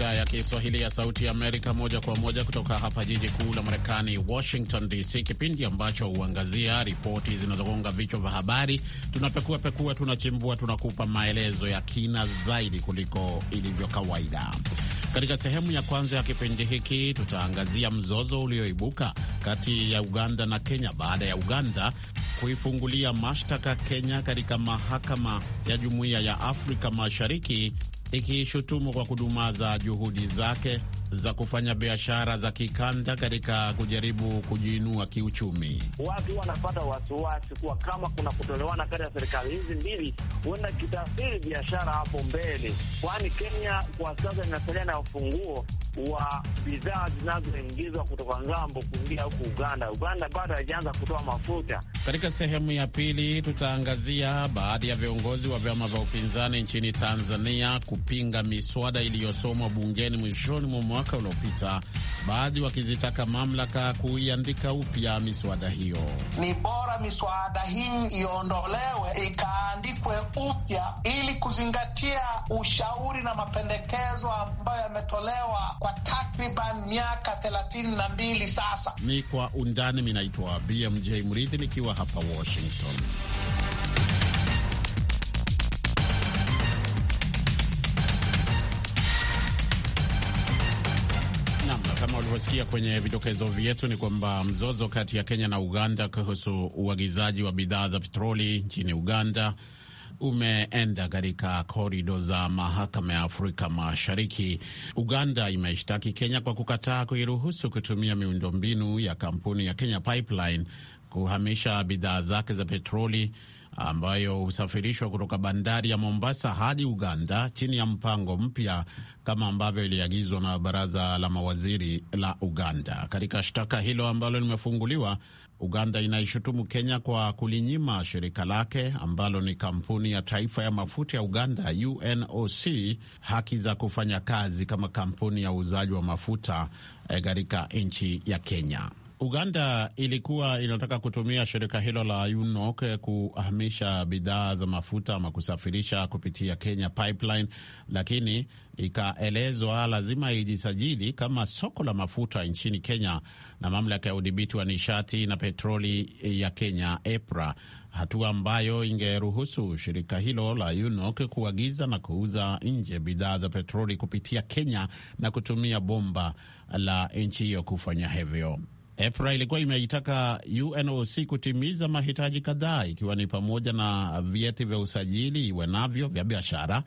idhaa ya Kiswahili ya Sauti ya Amerika, moja kwa moja kutoka hapa jiji kuu la Marekani, Washington DC, kipindi ambacho huangazia ripoti zinazogonga vichwa vya habari. tunapekua pekua tunachimbua, tunakupa maelezo ya kina zaidi kuliko ilivyo kawaida. Katika sehemu ya kwanza ya kipindi hiki tutaangazia mzozo ulioibuka kati ya Uganda na Kenya baada ya Uganda kuifungulia mashtaka Kenya katika mahakama ya Jumuiya ya Afrika Mashariki ikishutumu kwa kudumaza juhudi zake za kufanya biashara za kikanda katika kujaribu kujiinua kiuchumi. Watu wanapata wasiwasi kuwa kama kuna kutolewana kati ya serikali hizi mbili, huenda kitaathiri biashara hapo mbele, kwani Kenya kwa sasa inasalia na ufunguo wa bidhaa zinazoingizwa kutoka ng'ambo kuingia huku Uganda. Uganda bado haijaanza kutoa mafuta. Katika sehemu ya pili, tutaangazia baadhi ya viongozi wa vyama vya upinzani nchini Tanzania kupinga miswada iliyosomwa bungeni mwishoni mwa mwaka uliopita, baadhi wakizitaka mamlaka kuiandika upya miswada hiyo. Ni bora miswada hii iondolewe ikaandikwe upya ili kuzingatia ushauri na mapendekezo ambayo yametolewa kwa takriban miaka thelathini na mbili sasa. Ni kwa undani. Minaitwa BMJ mridhi nikiwa hapa Washington. ulivyosikia kwenye vidokezo vyetu ni kwamba mzozo kati ya Kenya na Uganda kuhusu uagizaji wa bidhaa za petroli nchini Uganda umeenda katika korido za mahakama ya Afrika Mashariki. Uganda imeshtaki Kenya kwa kukataa kuiruhusu kutumia miundombinu ya kampuni ya Kenya Pipeline kuhamisha bidhaa zake za petroli ambayo husafirishwa kutoka bandari ya Mombasa hadi Uganda chini ya mpango mpya kama ambavyo iliagizwa na baraza la mawaziri la Uganda. Katika shtaka hilo ambalo limefunguliwa, Uganda inaishutumu Kenya kwa kulinyima shirika lake ambalo ni kampuni ya taifa ya mafuta ya Uganda, UNOC, haki za kufanya kazi kama kampuni ya uuzaji wa mafuta eh, katika nchi ya Kenya. Uganda ilikuwa inataka kutumia shirika hilo la UNOC kuhamisha bidhaa za mafuta ama kusafirisha kupitia Kenya Pipeline, lakini ikaelezwa lazima ijisajili kama soko la mafuta nchini Kenya na mamlaka ya udhibiti wa nishati na petroli ya Kenya, EPRA, hatua ambayo ingeruhusu shirika hilo la UNOC kuagiza na kuuza nje bidhaa za petroli kupitia Kenya na kutumia bomba la nchi hiyo kufanya hivyo. EPRA ilikuwa imeitaka UNOC kutimiza mahitaji kadhaa ikiwa ni pamoja na vyeti vya usajili iwe navyo vya biashara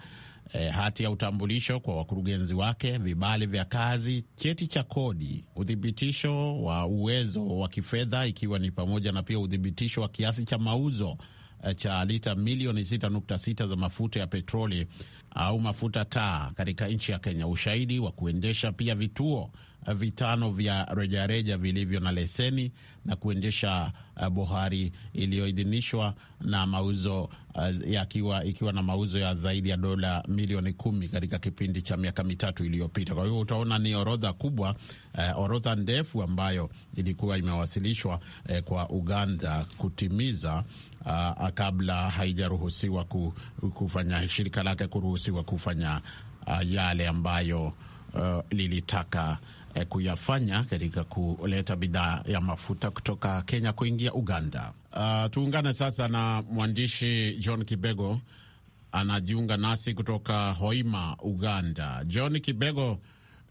E, hati ya utambulisho kwa wakurugenzi wake, vibali vya kazi, cheti cha kodi, uthibitisho wa uwezo wa kifedha ikiwa ni pamoja na pia uthibitisho wa kiasi cha mauzo e, cha lita milioni 6.6 za mafuta ya petroli au mafuta taa katika nchi ya Kenya, ushahidi wa kuendesha pia vituo vitano vya rejareja vilivyo na leseni na kuendesha uh, bohari iliyoidhinishwa na mauzo uh, yakiwa ikiwa na mauzo ya zaidi ya dola milioni kumi katika kipindi cha miaka mitatu iliyopita. Kwa hiyo utaona ni orodha kubwa, uh, orodha ndefu ambayo ilikuwa imewasilishwa uh, kwa Uganda kutimiza uh, kabla haijaruhusiwa kufanya shirika lake kuruhusiwa kufanya uh, yale ambayo Uh, lilitaka eh, kuyafanya katika kuleta bidhaa ya mafuta kutoka Kenya kuingia Uganda. Uh, tuungane sasa na mwandishi John Kibego anajiunga nasi kutoka Hoima, Uganda. John Kibego,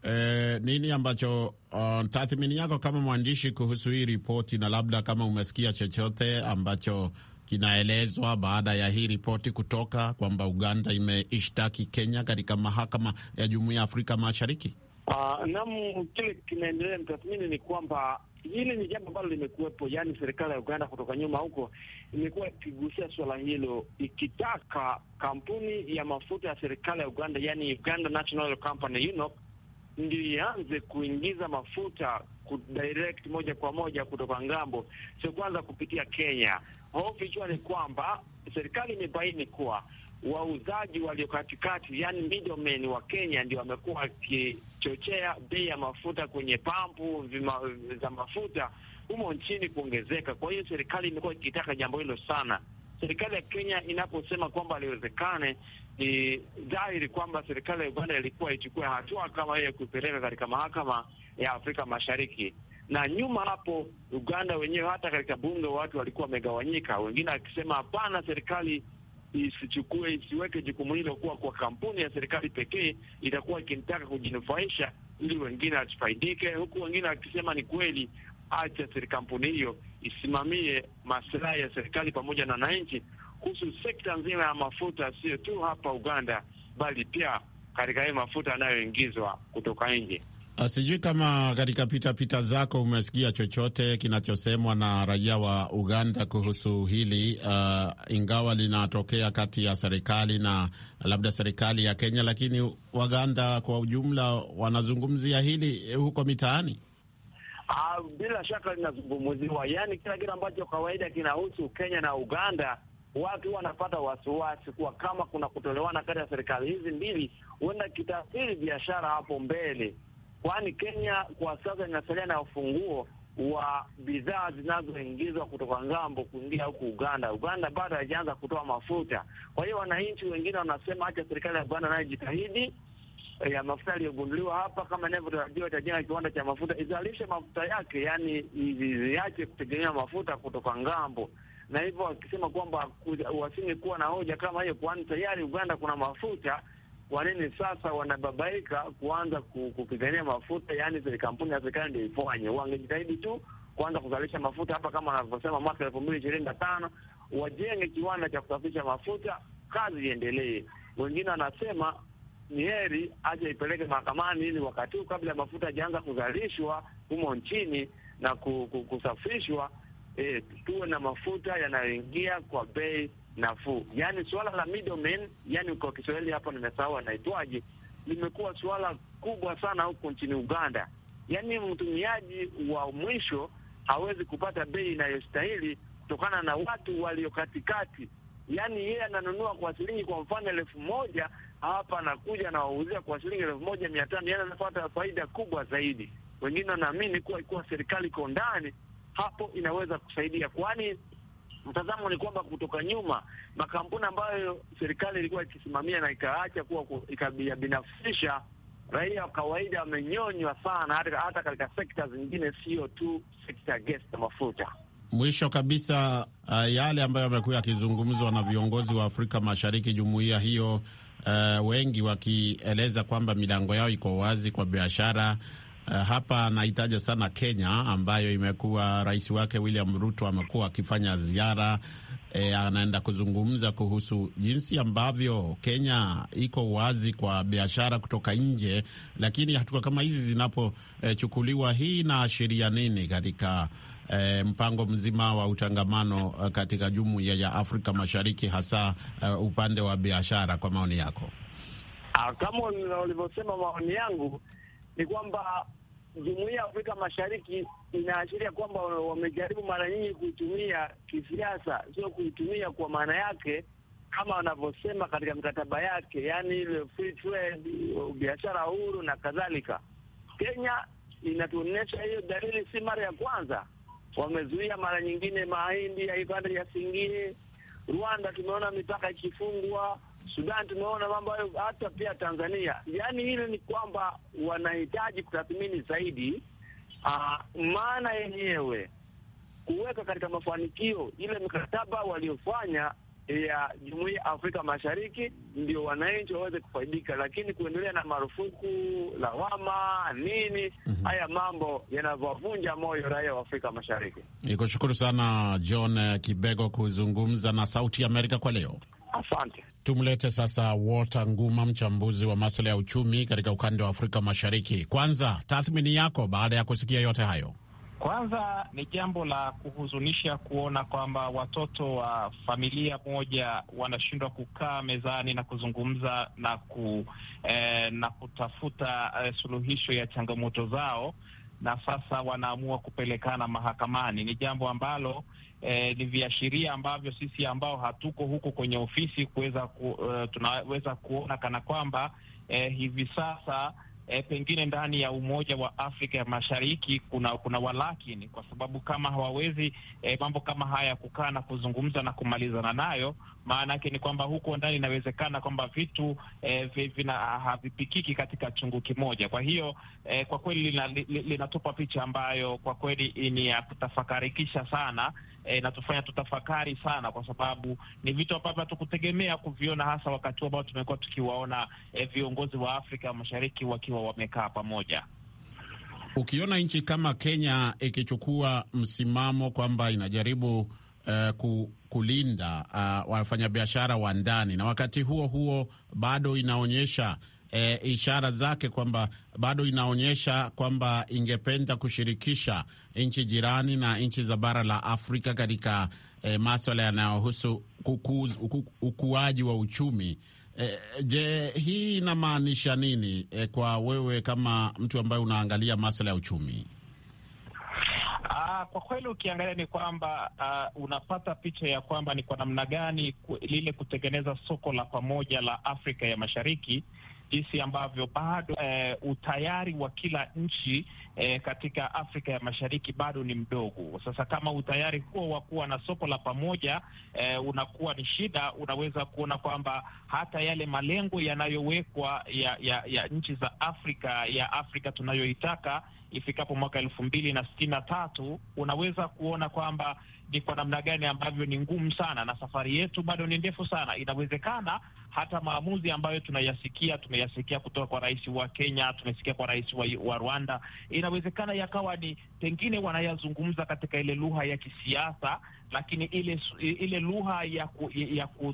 eh, nini ambacho uh, tathmini yako kama mwandishi kuhusu hii ripoti na labda kama umesikia chochote ambacho kinaelezwa baada ya hii ripoti kutoka kwamba Uganda imeishtaki Kenya katika mahakama ya Jumuiya ya Afrika Mashariki? Uh, ah, nam kile kinaendelea nitathmini ni kwamba hili ni jambo ambalo limekuwepo, yaani serikali ya Uganda kutoka nyuma huko imekuwa ikigusia suala hilo, ikitaka kampuni ya mafuta ya serikali ya Uganda, yaani Uganda National Oil Company UNOC, ndio ianze kuingiza mafuta kudirect moja kwa moja kutoka ngambo, sio kwanza kupitia Kenya. Hofu ikiwa ni kwamba serikali imebaini kuwa wauzaji walio katikati, yaani middlemen wa Kenya, ndio wamekuwa kuchochea bei ya mafuta kwenye pampu vima, za mafuta humo nchini kuongezeka. Kwa hiyo serikali imekuwa ikitaka jambo hilo sana. Serikali ya Kenya inaposema kwamba aliwezekane, ni dhahiri kwamba serikali ya Uganda ilikuwa ichukue hatua kama hiyo ya kupeleka katika mahakama ya Afrika Mashariki. Na nyuma hapo, Uganda wenyewe hata katika bunge watu walikuwa wamegawanyika, wengine akisema hapana, serikali isichukue isiweke jukumu hilo kuwa kwa kampuni ya serikali pekee, itakuwa ikitaka kujinufaisha ili wengine asifaidike, huku wengine wakisema ni kweli, acha kampuni hiyo isimamie maslahi ya serikali pamoja na wananchi kuhusu sekta nzima ya mafuta, sio tu hapa Uganda, bali pia katika hayo mafuta yanayoingizwa kutoka nje. Ah, sijui kama katika pitapita zako umesikia chochote kinachosemwa na raia wa Uganda kuhusu hili uh, ingawa linatokea kati ya serikali na labda serikali ya Kenya, lakini Waganda kwa ujumla wanazungumzia hili huko mitaani. Uh, bila shaka linazungumziwa, yaani kila kitu ambacho kawaida kinahusu Kenya na Uganda watu wanapata wasiwasi kuwa kama kuna kutolewana kati ya serikali hizi mbili, huenda kitaathiri biashara hapo mbele kwani Kenya kwa sasa inasalia na ufunguo wa bidhaa zinazoingizwa kutoka ng'ambo kuingia huku Uganda. Uganda bado haijaanza kutoa mafuta. Kwa hiyo wananchi wengine wanasema acha serikali ya Uganda nayo jitahidi ya mafuta yaliyogunduliwa hapa, kama inavyotarajiwa itajenga kiwanda cha mafuta, izalishe mafuta yake, yani iache kutegemea mafuta kutoka ng'ambo, na hivyo wakisema kwamba wasingekuwa na hoja kama hiyo, kwani tayari Uganda kuna mafuta kwa nini sasa wanababaika kuanza kupigania mafuta, yaani zile kampuni ya serikali ndio ifanye. Wangejitahidi tu kuanza kuzalisha mafuta hapa, kama wanavyosema mwaka elfu mbili ishirini na tano wajenge kiwanda cha kusafisha mafuta, kazi iendelee. Wengine wanasema ni heri acha ipeleke mahakamani, ili wakati huu kabla ya mafuta ajaanza kuzalishwa humo nchini na kusafishwa, e, tuwe na mafuta yanayoingia kwa bei nafuu. Yaani suala la middleman, yani kwa Kiswahili hapo nimesahau anaitwaje, limekuwa suala kubwa sana huku nchini Uganda. Yaani mtumiaji wa mwisho hawezi kupata bei inayostahili kutokana na watu walio katikati. Yaani yeye ananunua kwa shilingi kwa mfano elfu moja hapa anakuja anawauzia kwa shilingi elfu moja mia tano yaani anapata faida kubwa zaidi. Wengine wanaamini kuwa ikuwa serikali iko ndani hapo inaweza kusaidia, kwani mtazamo ni kwamba kutoka nyuma makampuni ambayo serikali ilikuwa ikisimamia na ikaacha kuwa ikabinafsisha, raia wa kawaida wamenyonywa sana, hata katika sekta zingine, sio tu sekta gesi na mafuta. Mwisho kabisa, uh, yale ambayo yamekuwa yakizungumzwa na viongozi wa Afrika Mashariki, jumuiya hiyo, uh, wengi wakieleza kwamba milango yao iko wazi kwa biashara Uh, hapa anahitaja sana Kenya ambayo imekuwa rais wake William Ruto amekuwa akifanya ziara e, anaenda kuzungumza kuhusu jinsi ambavyo Kenya iko wazi kwa biashara kutoka nje, lakini hatua kama hizi zinapochukuliwa, eh, e, hii inaashiria nini katika e, mpango mzima wa utangamano katika jumuiya ya Afrika Mashariki hasa e, upande wa biashara, kwa maoni yako? Ah, kama ulivyosema, maoni yangu ni kwamba jumuiya ya Afrika Mashariki inaashiria kwamba wamejaribu mara nyingi kuitumia kisiasa, sio kuitumia kwa maana yake kama wanavyosema katika mikataba yake, yaani ile free trade, biashara huru na kadhalika. Kenya inatuonyesha hiyo dalili, si mara ya kwanza. Wamezuia mara nyingine mahindi ya kibanda ya singie. Rwanda tumeona mipaka ikifungwa Sudan tumeona mambo hayo, hata pia Tanzania. Yaani hilo ni kwamba wanahitaji kutathmini zaidi ah, maana yenyewe kuweka katika mafanikio ile mikataba waliofanya ya Jumuiya Afrika Mashariki, ndio wananchi waweze kufaidika, lakini kuendelea na marufuku, lawama, nini, mm -hmm. haya mambo yanavyovunja moyo raia wa Afrika Mashariki. Nikushukuru sana John Kibego kuzungumza na Sauti ya Amerika kwa leo. Asante. Tumlete sasa Walter Nguma, mchambuzi wa masala ya uchumi katika ukanda wa Afrika Mashariki. Kwanza, tathmini yako baada ya kusikia yote hayo? Kwanza ni jambo la kuhuzunisha kuona kwamba watoto wa familia moja wanashindwa kukaa mezani na kuzungumza na ku, eh, na kutafuta eh, suluhisho ya changamoto zao, na sasa wanaamua kupelekana mahakamani. Ni jambo ambalo eh, ni viashiria ambavyo sisi ambao hatuko huko kwenye ofisi kuweza ku, uh, tunaweza kuona kana kwamba eh, hivi sasa E, pengine ndani ya Umoja wa Afrika ya Mashariki kuna kuna walakini, kwa sababu kama hawawezi e, mambo kama haya kukaa na kuzungumza na kumalizana nayo maana yake ni kwamba huko ndani inawezekana kwamba vitu eh, vina havipikiki katika chungu kimoja. Kwa hiyo eh, kwa kweli linatupa lina picha ambayo kwa kweli ni ya kutafakarikisha sana eh, inatufanya tutafakari sana, kwa sababu ni vitu ambavyo hatukutegemea kuviona, hasa wakati ambao tumekuwa tukiwaona e, viongozi wa Afrika Mashariki wakiwa wamekaa pamoja. Ukiona nchi kama Kenya ikichukua msimamo kwamba inajaribu uh, kulinda uh, wafanyabiashara wa ndani, na wakati huo huo bado inaonyesha uh, ishara zake kwamba bado inaonyesha kwamba ingependa kushirikisha nchi jirani na nchi za bara la Afrika katika uh, maswala yanayohusu ukuaji wa uchumi. E, je, hii inamaanisha nini e, kwa wewe kama mtu ambaye unaangalia maswala ya uchumi? Uh, kwa kweli ukiangalia ni kwamba uh, unapata picha ya kwamba ni kwa namna gani lile kutengeneza soko la pamoja la Afrika ya Mashariki jinsi ambavyo bado eh, utayari wa kila nchi eh, katika Afrika ya Mashariki bado ni mdogo. Sasa kama utayari huo wa kuwa na soko la pamoja eh, unakuwa ni shida, unaweza kuona kwamba hata yale malengo yanayowekwa ya, ya, ya nchi za Afrika ya Afrika tunayoitaka ifikapo mwaka elfu mbili na sitini na tatu unaweza kuona kwamba ni kwa namna gani ambavyo ni ngumu sana, na safari yetu bado ni ndefu sana. Inawezekana hata maamuzi ambayo tunayasikia tumeyasikia kutoka kwa rais wa Kenya, tumesikia kwa rais wa, wa Rwanda, inawezekana yakawa ni pengine wanayazungumza katika ile lugha ya kisiasa lakini ile ile lugha ya ku, ya, ku,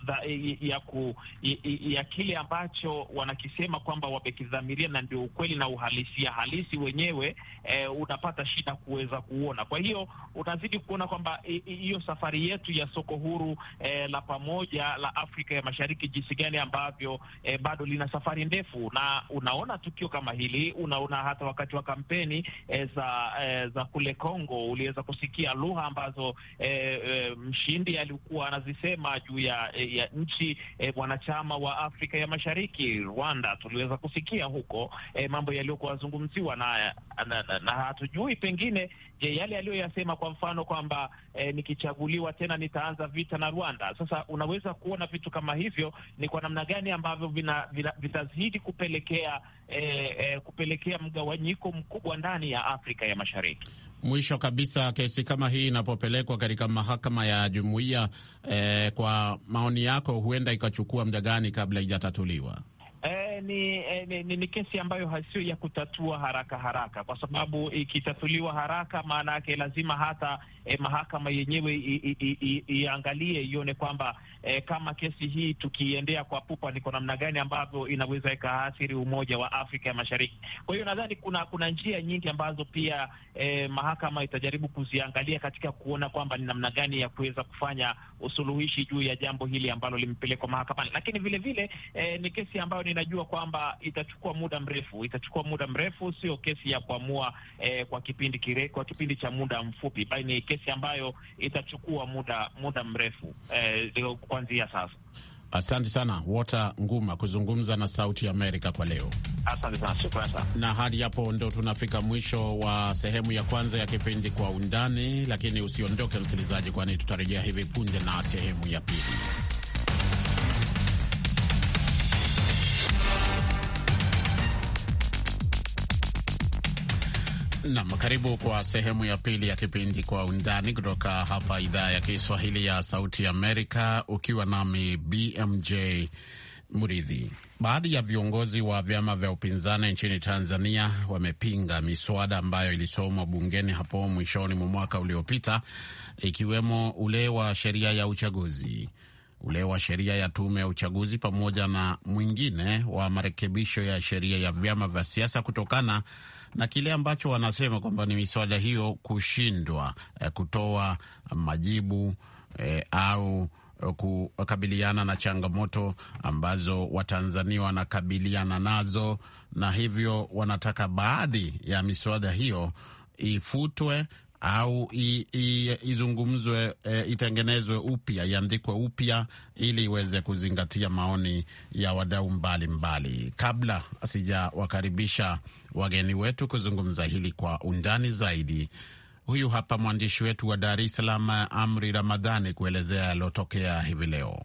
ya, ku, ya, ya kile ambacho wanakisema kwamba wamekidhamiria na ndio ukweli na uhalisia halisi wenyewe eh, unapata shida kuweza kuona. Kwa hiyo unazidi kuona kwamba hiyo safari yetu ya soko huru eh, la pamoja la Afrika ya Mashariki jinsi gani ambavyo eh, bado lina safari ndefu, na unaona tukio kama hili, unaona hata wakati wa kampeni eh, za eh, za kule Kongo uliweza kusikia lugha ambazo eh, e, mshindi alikuwa anazisema juu ya, eh, ya nchi mwanachama eh, e, wa Afrika ya Mashariki Rwanda. Tuliweza kusikia huko e, mambo yaliyokuwa zungumziwa na, na, na, na hatujui pengine, je, yale aliyoyasema kwa mfano kwamba e, nikichaguliwa tena nitaanza vita na Rwanda. Sasa unaweza kuona vitu kama hivyo ni kwa namna gani ambavyo vitazidi kupelekea e, e, kupelekea mgawanyiko mkubwa ndani ya Afrika ya Mashariki. Mwisho kabisa, kesi kama hii inapopelekwa katika mahakama ya jumuiya eh, kwa maoni yako, huenda ikachukua muda gani kabla ijatatuliwa? Eh, ni, eh, ni, ni, ni kesi ambayo hasio ya kutatua haraka haraka, kwa sababu ikitatuliwa haraka maana yake lazima hata e, mahakama yenyewe iangalie ione kwamba e, kama kesi hii tukiendea kwa pupa ni kwa namna gani ambavyo inaweza ikaathiri umoja wa Afrika ya Mashariki. Kwa hiyo nadhani kuna kuna njia nyingi ambazo pia e, mahakama itajaribu kuziangalia katika kuona kwamba ni namna gani ya kuweza kufanya usuluhishi juu ya jambo hili ambalo limepelekwa mahakamani, lakini vile vile e, ni kesi ambayo ninajua kwamba itachukua muda mrefu, itachukua muda mrefu, sio kesi ya kuamua e, kwa kipindi kire, kwa kipindi cha muda mfupi, bali ni kesi kesi ambayo itachukua muda muda mrefu eh, kuanzia sasa. Asante sana Walter Nguma kuzungumza na Sauti ya Amerika kwa leo. Asante sana, shukrani sana. Na hadi hapo ndo tunafika mwisho wa sehemu ya kwanza ya kipindi Kwa Undani, lakini usiondoke msikilizaji, kwani tutarejea hivi punde na sehemu ya pili. Nam, karibu kwa sehemu ya pili ya kipindi Kwa Undani kutoka hapa idhaa ya Kiswahili ya Sauti Amerika, ukiwa nami BMJ Muridhi. Baadhi ya viongozi wa vyama vya upinzani nchini Tanzania wamepinga miswada ambayo ilisomwa bungeni hapo mwishoni mwa mwaka uliopita, ikiwemo ule wa sheria ya uchaguzi, ule wa sheria ya tume ya uchaguzi, pamoja na mwingine wa marekebisho ya sheria ya vyama vya siasa kutokana na kile ambacho wanasema kwamba ni miswada hiyo kushindwa eh, kutoa majibu eh, au kukabiliana na changamoto ambazo Watanzania wanakabiliana nazo, na hivyo wanataka baadhi ya miswada hiyo ifutwe au izungumzwe e, itengenezwe upya, iandikwe upya ili iweze kuzingatia maoni ya wadau mbalimbali. Kabla sijawakaribisha wageni wetu kuzungumza hili kwa undani zaidi, huyu hapa mwandishi wetu wa Dar es Salaam, Amri Ramadhani, kuelezea yaliyotokea hivi leo.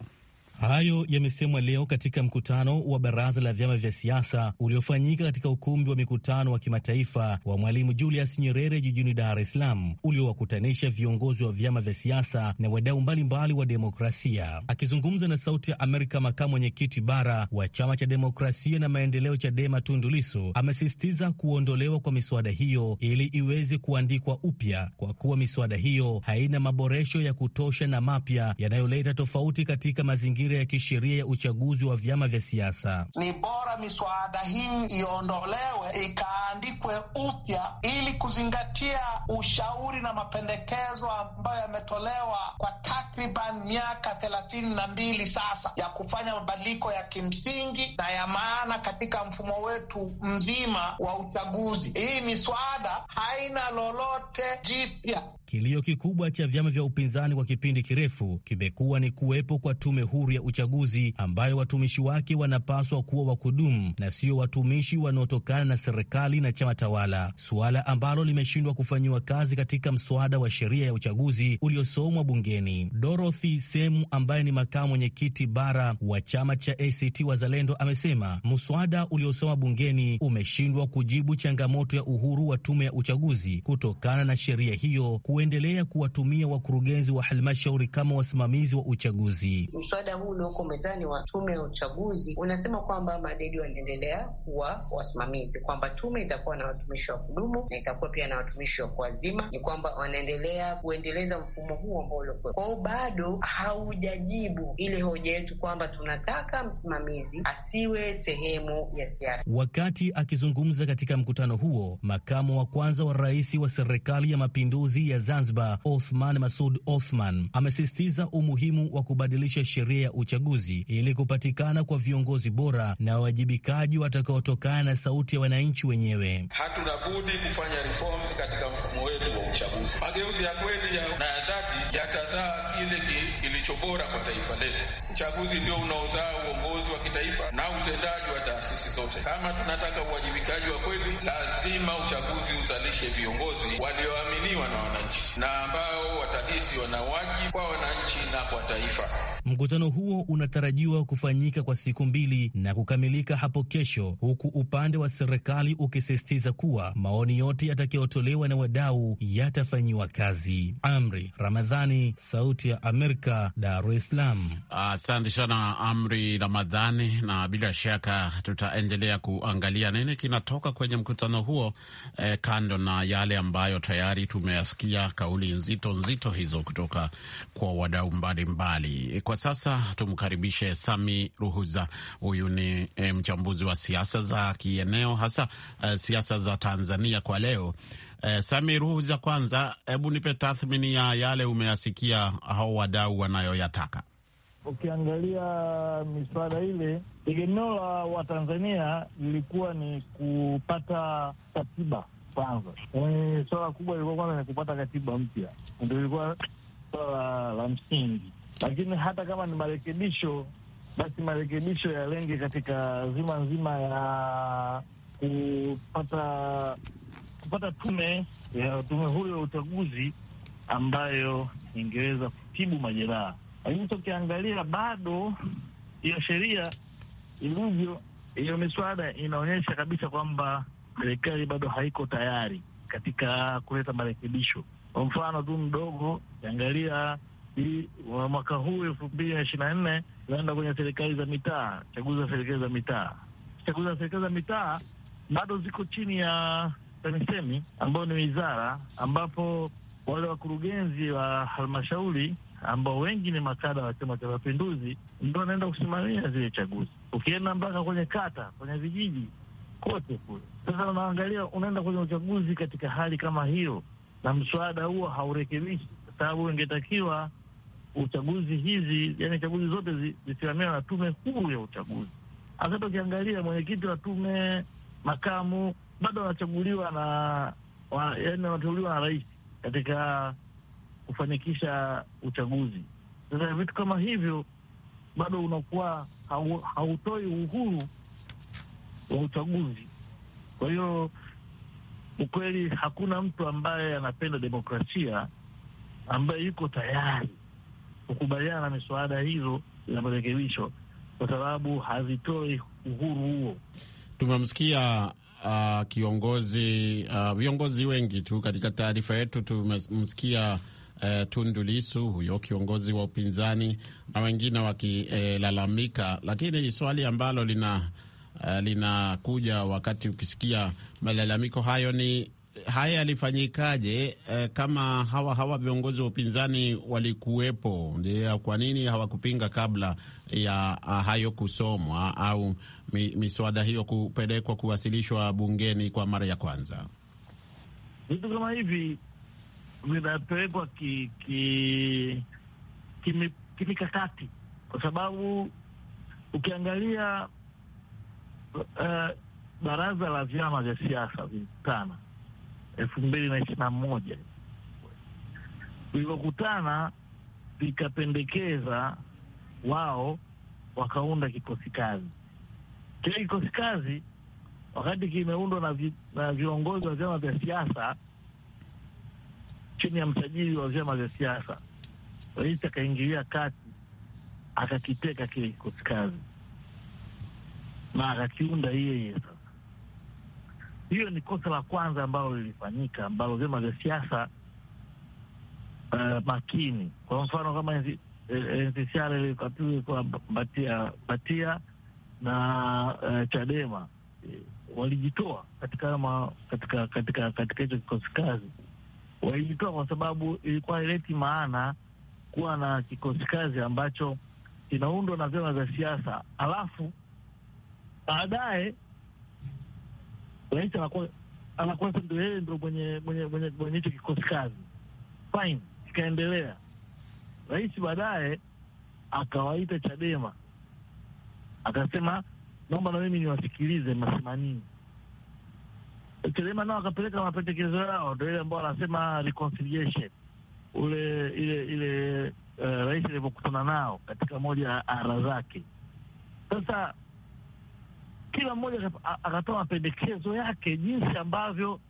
Hayo yamesemwa leo katika mkutano wa baraza la vyama vya siasa uliofanyika katika ukumbi wa mikutano wa kimataifa wa Mwalimu Julius Nyerere jijini Dar es Salaam, uliowakutanisha viongozi wa vyama vya siasa na wadau mbalimbali wa demokrasia. Akizungumza na Sauti ya Amerika, makamu mwenyekiti bara wa Chama cha Demokrasia na Maendeleo, Chadema, Tundu Lissu amesisitiza kuondolewa kwa miswada hiyo ili iweze kuandikwa upya, kwa kuwa miswada hiyo haina maboresho ya kutosha na mapya yanayoleta tofauti katika mazingira mazingira ya kisheria ya uchaguzi wa vyama vya siasa. Ni bora miswada hii iondolewe ikaandikwe upya ili kuzingatia ushauri na mapendekezo ambayo yametolewa kwa takriban miaka thelathini na mbili sasa ya kufanya mabadiliko ya kimsingi na ya maana katika mfumo wetu mzima wa uchaguzi. Hii miswada haina lolote jipya. Kilio kikubwa cha vyama vya upinzani kwa kipindi kirefu kimekuwa ni kuwepo kwa tume huru ya uchaguzi ambayo watumishi wake wanapaswa kuwa wa kudumu na sio watumishi wanaotokana na serikali na chama tawala, suala ambalo limeshindwa kufanyiwa kazi katika mswada wa sheria ya uchaguzi uliosomwa bungeni. Dorothy Semu ambaye ni makamu mwenyekiti bara wa chama cha ACT Wazalendo amesema mswada uliosoma bungeni umeshindwa kujibu changamoto ya uhuru wa tume ya uchaguzi kutokana na sheria hiyo kuendelea kuwatumia wakurugenzi wa halmashauri kama wasimamizi wa uchaguzi. Mswada huu ulioko mezani wa tume ya uchaguzi unasema kwamba madedi wanaendelea kuwa wasimamizi, kwamba tume itakuwa na watumishi wa kudumu na itakuwa pia na watumishi wa kuazima. Ni kwamba wanaendelea kuendeleza mfumo huu ambao uliokwe kwao. Bado haujajibu ile hoja yetu kwamba tunataka msimamizi asiwe sehemu ya siasa. Wakati akizungumza katika mkutano huo, makamu wa kwanza wa rais wa serikali ya mapinduzi ya Zanzibar Othman Masud Othman amesisitiza umuhimu wa kubadilisha sheria ya uchaguzi ili kupatikana kwa viongozi bora na wawajibikaji watakaotokana na sauti ya wananchi wenyewe. Hatuna budi kufanya reforms katika mfumo wetu wa uchaguzi. Mageuzi ya kweli na ya dhati yatazaa kilicho bora kwa taifa letu. Uchaguzi ndio unaozaa uongozi wa kitaifa na utendaji wa taasisi zote. Kama tunataka uwajibikaji wa kweli, lazima uchaguzi uzalishe viongozi walioaminiwa na wananchi na ambao watahisi wana wajibu kwa wananchi na kwa taifa. Mkutano huo unatarajiwa kufanyika kwa siku mbili na kukamilika hapo kesho, huku upande wa serikali ukisisitiza kuwa maoni yote yatakayotolewa na wadau yatafanyiwa kazi. Amri Ramadhani, Sauti ya Amerika, Dar es Salaam. Asante uh, sana Amri Ramadhani, na bila shaka tutaendelea kuangalia nini kinatoka kwenye mkutano huo eh, kando na yale ambayo tayari tumeyasikia kauli nzito nzito hizo kutoka kwa wadau mbalimbali. Kwa sasa tumkaribishe Sami Ruhuza, huyu ni eh, mchambuzi wa siasa za kieneo hasa eh, siasa za Tanzania kwa leo Eh, Samir Huza, kwanza hebu nipe tathmini ya yale umeyasikia hao wadau wanayoyataka. Ukiangalia miswada ile, tegemeo la Watanzania lilikuwa ni kupata katiba kwanza. E, swala kubwa ilikuwa kwanza ni kupata katiba mpya, ndio ilikuwa swala la msingi, lakini hata kama ni marekebisho, basi marekebisho yalenge katika zima nzima ya kupata kupata tume ya tume huyo ya uchaguzi ambayo ingeweza kutibu majeraha, lakini tukiangalia bado hiyo sheria ilivyo, hiyo miswada inaonyesha kabisa kwamba serikali bado haiko tayari katika kuleta marekebisho. Kwa mfano tu mdogo, ukiangalia mwaka huu elfu mbili na ishirini na nne unaenda kwenye serikali za mitaa, chaguzi za serikali za mitaa, chaguzi za serikali za mitaa bado ziko chini ya TAMISEMI ambayo ni wizara, ambapo wale wakurugenzi wa halmashauri ambao wengi ni makada wa Chama cha Mapinduzi ndio wanaenda kusimamia zile chaguzi. Ukienda mpaka kwenye kata, kwenye vijiji kote kule, sasa unaangalia, unaenda kwenye uchaguzi katika hali kama hiyo, na mswada huo haurekebishi, kwa sababu ingetakiwa uchaguzi hizi, yani chaguzi zote zisimamiwa na Tume kuu ya Uchaguzi. Hasa tukiangalia mwenyekiti wa tume, makamu bado wanachaguliwa na wa, yani wanateuliwa na rais katika kufanikisha uchaguzi. Sasa vitu kama hivyo bado unakuwa hau, hautoi uhuru wa uchaguzi. Kwa hiyo ukweli, hakuna mtu ambaye anapenda demokrasia ambaye yuko tayari kukubaliana na miswada hizo ya marekebisho, kwa sababu hazitoi uhuru huo. Tumemsikia uh, kiongozi uh, viongozi wengi tu. Katika taarifa yetu tumemsikia uh, Tundu Lissu, huyo kiongozi wa upinzani na wengine wakilalamika, uh, lakini swali ambalo lina uh, linakuja wakati ukisikia malalamiko hayo ni haya yalifanyikaje? Eh, kama hawa hawa viongozi wa upinzani walikuwepo, ndio kwa nini hawakupinga kabla ya ah, hayo kusomwa au miswada hiyo kupelekwa kuwasilishwa bungeni kwa mara ya kwanza? Vitu kama hivi vinapelekwa ki, ki, kimikakati kimi, kwa sababu ukiangalia uh, baraza la vyama vya siasa vitano elfu mbili na ishirini na moja vilivyokutana vikapendekeza wao wakaunda kikosi kazi. Kile kikosi kazi wakati kimeundwa na, vi, na viongozi wa vyama vya siasa chini ya msajili wa vyama vya siasa, rais akaingilia kati akakiteka kile kikosi kazi na akakiunda yeye sasa hiyo ni kosa la kwanza ambalo lilifanyika ambalo vyama vya siasa uh, makini, kwa mfano kama NCCR eh, Batia, Batia na uh, Chadema walijitoa katika ma, katika katika katika hicho kikosi kazi, walijitoa kwa sababu ilikuwa ileti maana kuwa na kikosi kazi ambacho kinaundwa na vyama vya siasa alafu baadaye rais anakuwa anakuwa ndo yeye ndo mwenye mwenye mwenye mwenye hicho kikosi kazi. Fine, kikaendelea. Rais baadaye akawaita Chadema akasema naomba na mimi niwasikilize masemanini. Chadema nao akapeleka mapendekezo yao, ndo ile ambao anasema reconciliation ule ile ile uh, rais alivyokutana nao katika moja ya ara zake. Sasa kila mmoja akatoa mapendekezo yake jinsi ambavyo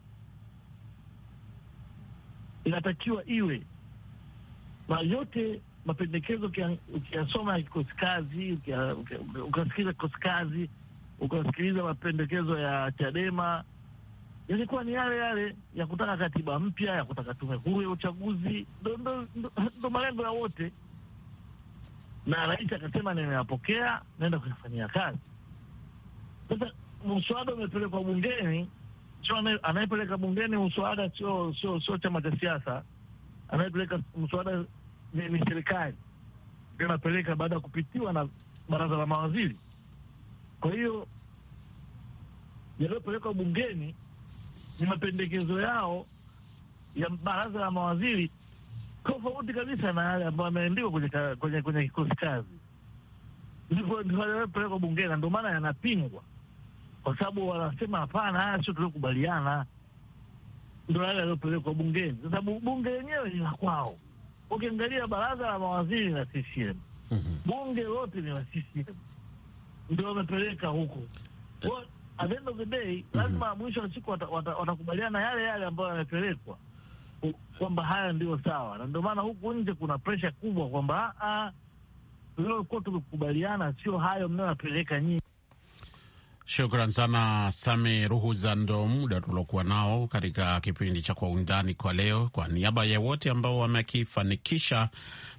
inatakiwa iwe, na yote mapendekezo ukiyasoma ya kikosi kazi, ukasikiliza kikosi kazi, ukasikiliza mapendekezo ya Chadema yalikuwa ni yale yale ya kutaka katiba mpya, ya kutaka tume huru ya uchaguzi, ndo malengo ya wote. Na rais akasema, nimeyapokea naenda kuyafanyia kazi. Sasa mswada umepelekwa bungeni, sio anayepeleka bungeni mswada, sio sio sio chama cha siasa. Anayepeleka mswada ni, ni serikali ndio anapeleka baada ya kupitiwa na baraza la mawaziri. Kwa hiyo yaliyopelekwa bungeni ni mapendekezo yao ya baraza la mawaziri, tofauti kabisa na yale ambayo ameandikwa kwenye kwenye kikosi kazi, ndivyo yaliyopelekwa bungeni, na ndio maana yanapingwa kwa sababu wanasema hapana, haya sio tuliokubaliana. Ndo yale yaliyopelekwa bungeni. sababu bunge lenyewe ni la kwao. Ukiangalia baraza la mawaziri la CCM, mhm. bunge lote ni la CCM, ndio wamepeleka huko. Eh. At the end of the day, mhm. lazima mwisho wa siku watakubaliana yale yale ambayo yamepelekwa kwamba haya ndio sawa, na ndio maana huku nje kuna presha kubwa kwamba ah, ah, tuliokuwa tumekubaliana sio hayo mnayoyapeleka nyinyi. Shukran sana Sami Ruhuza. Ndo muda tuliokuwa nao katika kipindi cha Kwa Undani kwa leo. Kwa niaba ya wote ambao wamekifanikisha,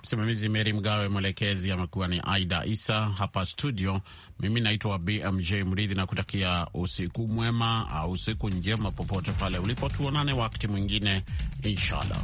msimamizi Meri Mgawe, mwelekezi amekuwa ni Aida Isa hapa studio. Mimi naitwa BMJ Mridhi na kutakia usiku mwema au usiku njema popote pale ulipo. Tuonane wakati mwingine, inshallah.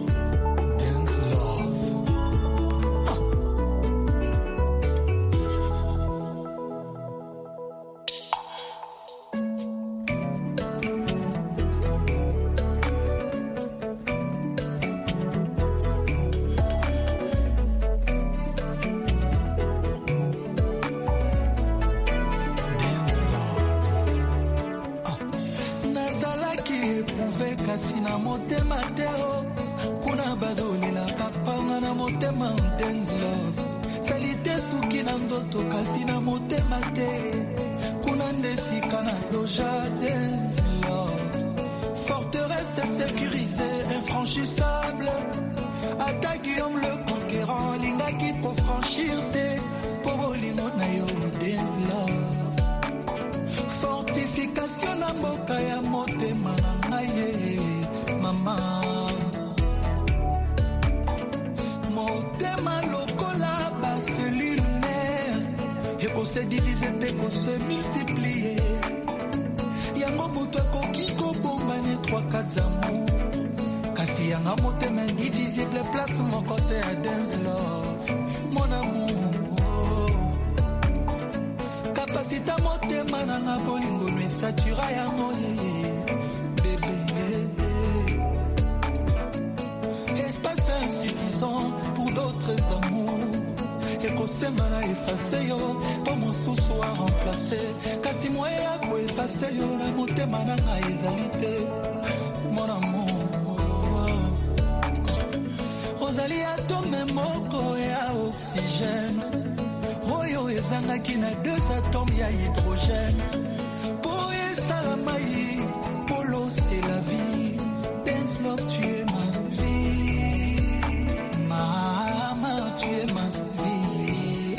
sécurisé, infranchissable. Attaque Guillaume le conquérant, qui pour franchir tes pobolino na yo dela. Fortification na mboka ya motema la ngai mama. Motema lokola baselule ekose divise se kose multiplie yango moto Changamote invisible place mon corps c'est dance love Mon amour Kapasita motema nanga bolingo mesatura ya moye Bébé Espace insuffisant pour d'autres amours ekosema na efase yo mpo mosusu a remplace kasi moye ya koefase yo na motema na ezali te ezali atome moko ya oxygène oyo ezangaki na deux atomes, y a hydrogène Pour esala mai polo c'est la vie dance tu es ma vie mama tu es ma vie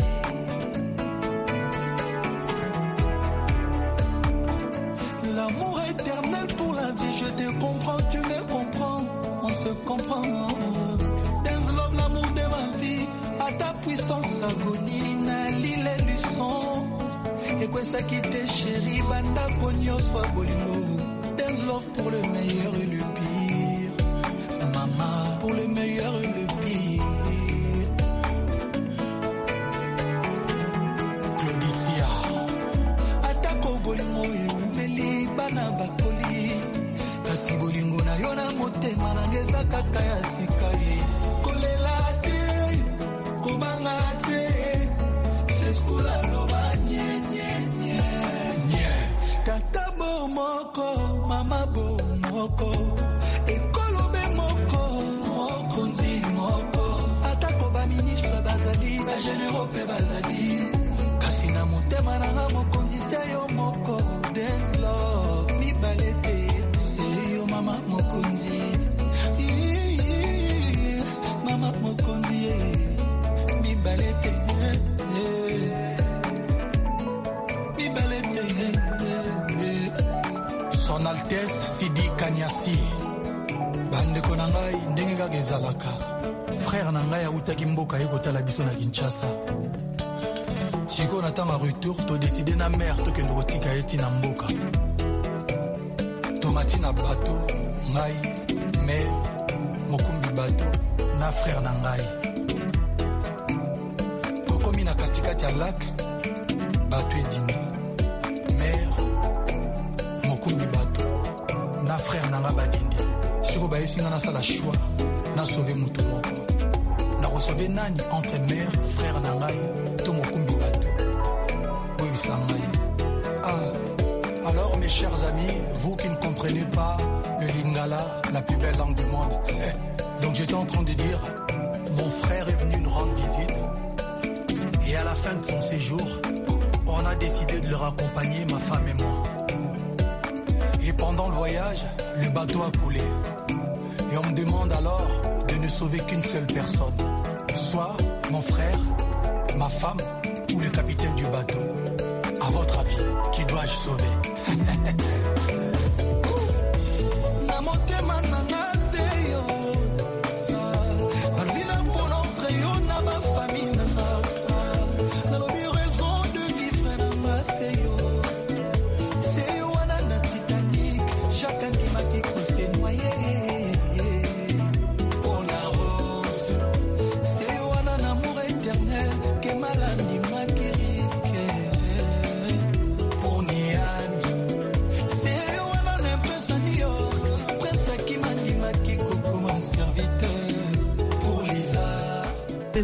L'amour éternel pour la vie, je te comprends, tu me comprends, on se comprend. Et na lile luson ekwesaki te sheri bandako nyonso soit bolingo dance love pour le meilleur ngai awutaki mboka ye kotala biso na kinshasa sikoyo na ntango ya retour todeside na mare tokende kotika ye ti mboka tomati na bato ngai mer, mokumbi bato na frere na ngai tokomi na katikati ya lak bato edindi mare mokumbi bato na frere na ngai badindi sikoyo bayesi ngai nasala na nasove motu moko recevez nani entre mère frère Nangai, tout ah, alors mes chers amis vous qui ne comprenez pas le lingala la plus belle langue du monde eh, donc j'étais en train de dire mon frère est venu nous rendre visite et à la fin de son séjour on a décidé de le raccompagner ma femme et moi et pendant le voyage le bateau a coulé et on me demande alors de ne sauver qu'une seule personne Soit mon frère, ma femme ou le capitaine du bateau À votre avis, qui dois-je sauver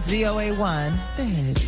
VOA1, the